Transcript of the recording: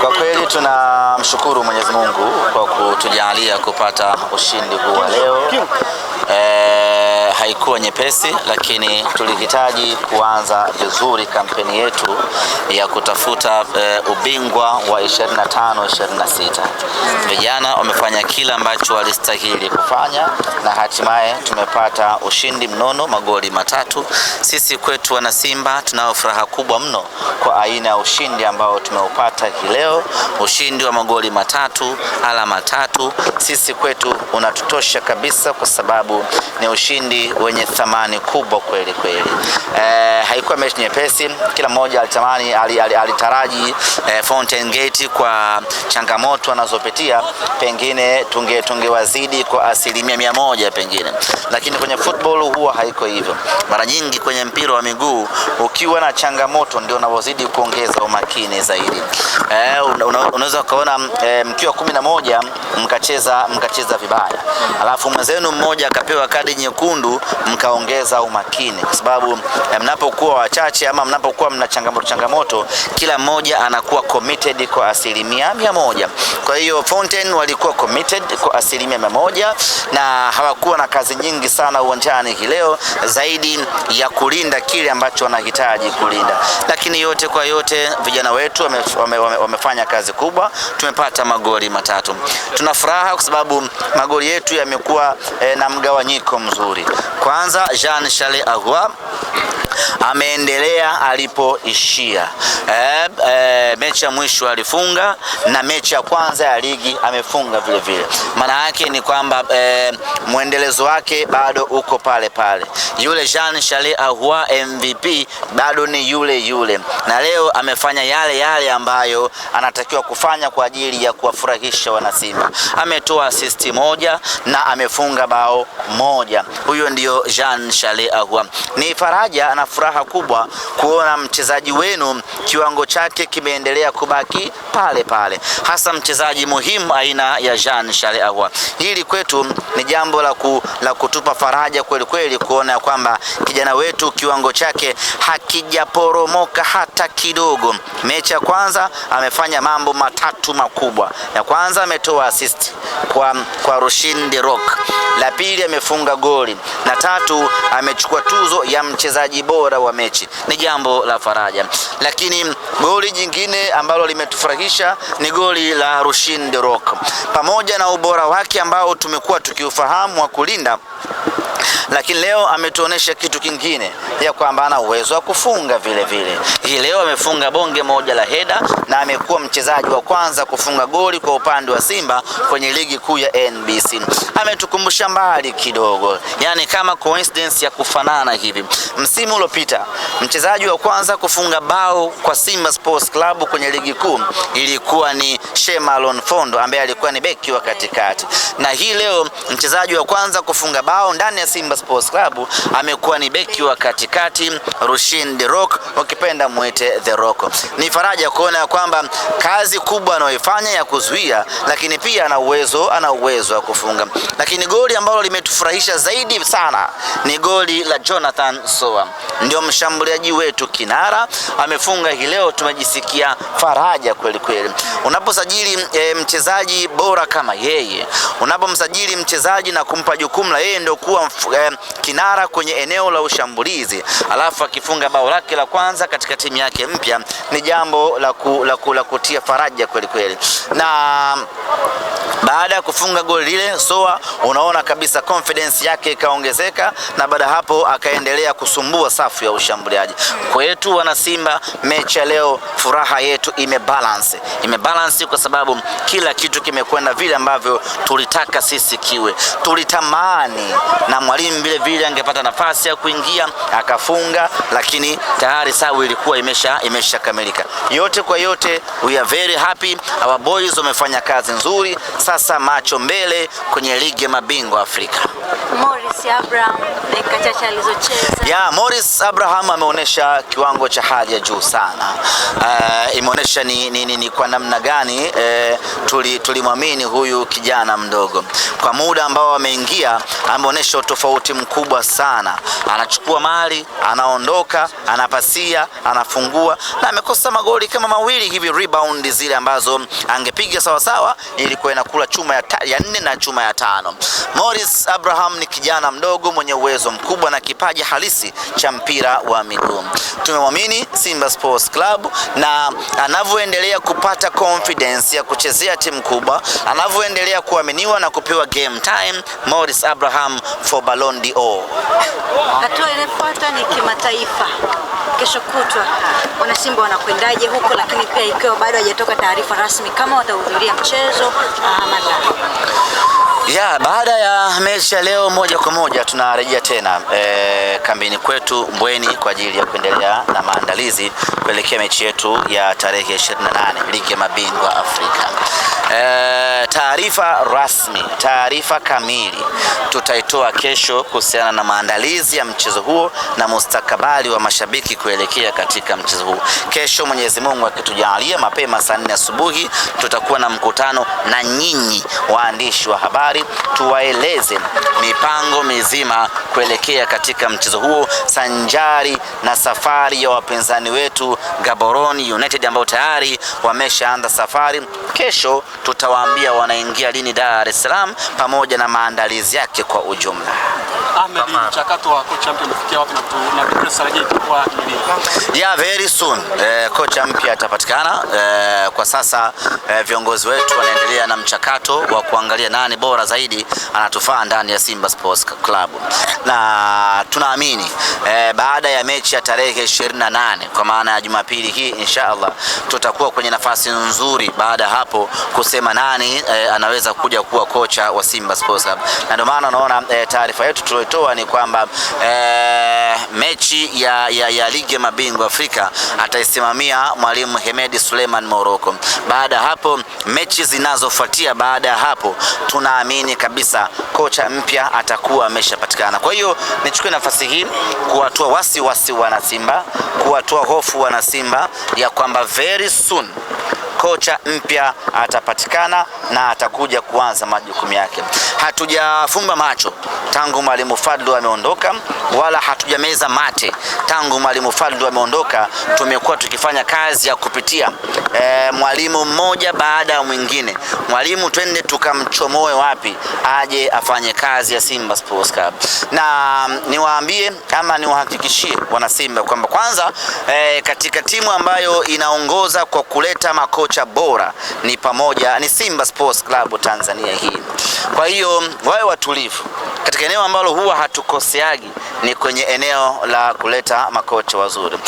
Kwa kweli tunamshukuru Mwenyezi Mungu kwa kutujalia kupata ushindi huu wa leo e, haikuwa nyepesi, lakini tulihitaji kuanza vizuri kampeni yetu ya kutafuta e, ubingwa wa 25 26. Vijana wamefanya kila ambacho walistahili kufanya na hatimaye tumepata ushindi mnono magoli matatu. Sisi kwetu wana Simba tunao furaha kubwa mno kwa aina ya ushindi ambao tumeupata hii leo, ushindi wa magoli matatu, alama tatu, sisi kwetu unatutosha kabisa kwa sababu ni ushindi wenye thamani kubwa kweli kweli. E, haikuwa mechi nyepesi, kila mmoja alitamani alitaraji e, Fountain Gate kwa changamoto anazopitia pengine tunge tungewazidi kwa asilimia mia moja pengine, lakini kwenye football huwa haiko hivyo. Mara nyingi kwenye mpira wa miguu ukiwa na changamoto ndio unavyozidi kuongeza umakini zaidi. E, unaweza ukaona e, mkiwa kumi na moja mkacheza mkacheza vibaya alafu mwenzenu mmoja mkapewa kadi nyekundu mkaongeza umakini, kwa sababu eh, mnapokuwa wachache ama mnapokuwa mna changamoto changamoto, kila mmoja anakuwa committed kwa asilimia mia moja. Kwa hiyo Fountain walikuwa committed kwa asilimia mia moja na hawakuwa na kazi nyingi sana uwanjani leo zaidi ya kulinda kile ambacho wanahitaji kulinda, lakini yote kwa yote vijana wetu wame, wame, wame, wamefanya kazi kubwa, tumepata magoli matatu. Tuna furaha kwa sababu magoli yetu yamekuwa eh, na mga mgawanyiko mzuri. Kwanza Jean Charles Agua ameendelea alipoishia. E, e, mechi ya mwisho alifunga na mechi ya kwanza ya ligi amefunga vile vile. Maana yake ni kwamba e, mwendelezo wake bado uko pale pale. Yule Jean Charles Ahoua MVP bado ni yule yule, na leo amefanya yale yale ambayo anatakiwa kufanya kwa ajili ya kuwafurahisha wanasimba. Ametoa asisti moja na amefunga bao moja. Huyo ndio Jean Charles Ahoua, ni faraja na furaha kubwa kuona mchezaji wenu kiwango chake kimeendelea kubaki pale pale, hasa mchezaji muhimu aina ya Jean Charles Ahoua. Hili kwetu ni jambo la, ku, la kutupa faraja kweli kweli kuona ya kwamba kijana wetu kiwango chake hakijaporomoka hata kidogo. Mechi ya kwanza amefanya mambo matatu makubwa. Ya kwanza ametoa assist kwa, kwa Rushin De Rock, la pili amefunga goli na tatu amechukua tuzo ya mchezaji bora wa mechi. Ni jambo la faraja, lakini goli jingine ambalo limetufurahisha kufurahisha ni goli la Rushin De Reuck, pamoja na ubora wake ambao tumekuwa tukiufahamu wa kulinda lakini leo ametuonesha kitu kingine ya kwamba ana uwezo wa kufunga vile vile. Hii leo amefunga bonge moja la heda na amekuwa mchezaji wa kwanza kufunga goli kwa upande wa Simba kwenye ligi kuu ya NBC. Ametukumbusha mbali kidogo, yani kama coincidence ya kufanana hivi. Msimu uliopita mchezaji wa kwanza kufunga bao kwa Simba Sports Club kwenye ligi kuu ilikuwa ni Shemalon Fondo ambaye alikuwa ni beki wa katikati, na hii leo mchezaji wa kwanza kufunga bao ndani ya Simba Sports Club amekuwa ni beki wa katikati Rushin De Rock, ukipenda mwite The Rock. Ni faraja kuona kwamba kazi kubwa anayoifanya ya kuzuia, lakini pia ana uwezo ana uwezo wa kufunga. Lakini goli ambalo limetufurahisha zaidi sana ni goli la Jonathan Soa, ndio mshambuliaji wetu kinara, amefunga hii leo. Tumejisikia faraja kweli kweli unaposajili e, eh, mchezaji bora kama yeye, unapomsajili mchezaji na kumpa jukumu la yeye ndio kuwa kinara kwenye eneo la ushambulizi, alafu akifunga bao lake la kwanza katika timu yake mpya, ni jambo la kutia faraja kweli kweli na baada ya kufunga goli lile, Soa unaona kabisa confidence yake ikaongezeka, na baada hapo akaendelea kusumbua safu ya ushambuliaji. Kwetu wana Simba, mechi ya leo furaha yetu imebalance, imebalance kwa sababu kila kitu kimekwenda vile ambavyo tulitaka sisi kiwe, tulitamani na mwalimu vile vile angepata nafasi ya kuingia akafunga, lakini tayari sawa ilikuwa imesha imeshakamilika. Yote kwa yote, we are very happy, our boys wamefanya kazi nzuri sasa macho mbele kwenye ligi ya mabingwa Afrika. Morris Abraham dakika chache alizocheza. Yeah, Morris Abraham ameonyesha kiwango cha hali ya juu sana. Uh, eh, imeonyesha ni, ni, ni, ni kwa namna gani uh, tulimwamini tuli huyu kijana mdogo kwa muda ambao ameingia, ameonyesha utofauti mkubwa sana. Anachukua mali, anaondoka, anapasia, anafungua na amekosa magoli kama mawili hivi, rebound zile ambazo angepiga sawasawa ilikuwa inakula kula chuma ya, ya nne na chuma ya tano. Morris Abraham ni kijana mdogo mwenye uwezo mkubwa na kipaji halisi cha mpira wa miguu. Tumemwamini Simba Sports Club na anavyoendelea kupata confidence ya kuchezea timu kubwa, anavyoendelea kuaminiwa na kupewa game time, Morris Abraham for Ballon d'Or. Hatua inayofuata ni kimataifa. Kesho kutwa wana Simba wanakwendaje huko, lakini pia ikiwa bado hajatoka taarifa rasmi kama watahudhuria mchezo um, ya, baada ya mechi ya leo moja kwa moja tunarejea tena e, kambini kwetu Mbweni kwa ajili ya kuendelea na maandalizi kuelekea mechi yetu ya tarehe 28 ligi ya mabingwa Afrika. Eh, taarifa rasmi, taarifa kamili tutaitoa kesho kuhusiana na maandalizi ya mchezo huo na mustakabali wa mashabiki kuelekea katika mchezo huo. Kesho Mwenyezi Mungu akitujalia, mapema saa nne asubuhi tutakuwa na mkutano na nyinyi waandishi wa habari, tuwaeleze mipango mizima kuelekea katika mchezo huo sanjari na safari ya wapinzani wetu Gaborone United ambao tayari wameshaanza safari kesho tutawaambia wanaingia lini Dar es Salaam pamoja na maandalizi yake kwa ujumla. Ahmed, mpya Yeah, very soon eh, coach mpya atapatikana. Eh, kwa sasa eh, viongozi wetu wanaendelea na mchakato wa kuangalia nani bora zaidi anatufaa ndani ya Simba Sports Club, na tunaamini eh, baada ya mechi ya tarehe 28 kwa maana ya Jumapili hii inshaallah tutakuwa kwenye nafasi nzuri baada ya hapo kusema nani eh, anaweza kuja kuwa kocha wa Simba Sports Club, na ndio maana unaona eh, taarifa yetu tulioitoa kuitoa ni kwamba eh, mechi ya, ya, ya ligi ya mabingwa Afrika ataisimamia mwalimu Hemedi Suleiman Moroko. Baada ya hapo, mechi zinazofuatia baada ya hapo, tunaamini kabisa kocha mpya atakuwa ameshapatikana. Kwa hiyo nichukue nafasi hii kuwatoa wasiwasi wana Simba, kuwatoa hofu wana Simba ya kwamba very soon kocha mpya atapatikana na atakuja kuanza majukumu yake. Hatujafumba macho tangu mwalimu Fadlu ameondoka, wala hatujameza mate tangu mwalimu Fadlu ameondoka. Tumekuwa tukifanya kazi ya kupitia e, mwalimu mmoja baada ya mwingine. Mwalimu twende tukamchomoe wapi aje afanye kazi ya Simba Sports Club, na mm, niwaambie ama niwahakikishie wana Simba kwamba kwanza e, katika timu ambayo inaongoza kwa kuleta makocha kocha bora ni pamoja ni Simba Sports Club Tanzania hii. Kwa hiyo wawe watulivu katika eneo ambalo huwa hatukoseagi ni kwenye eneo la kuleta makocha wazuri.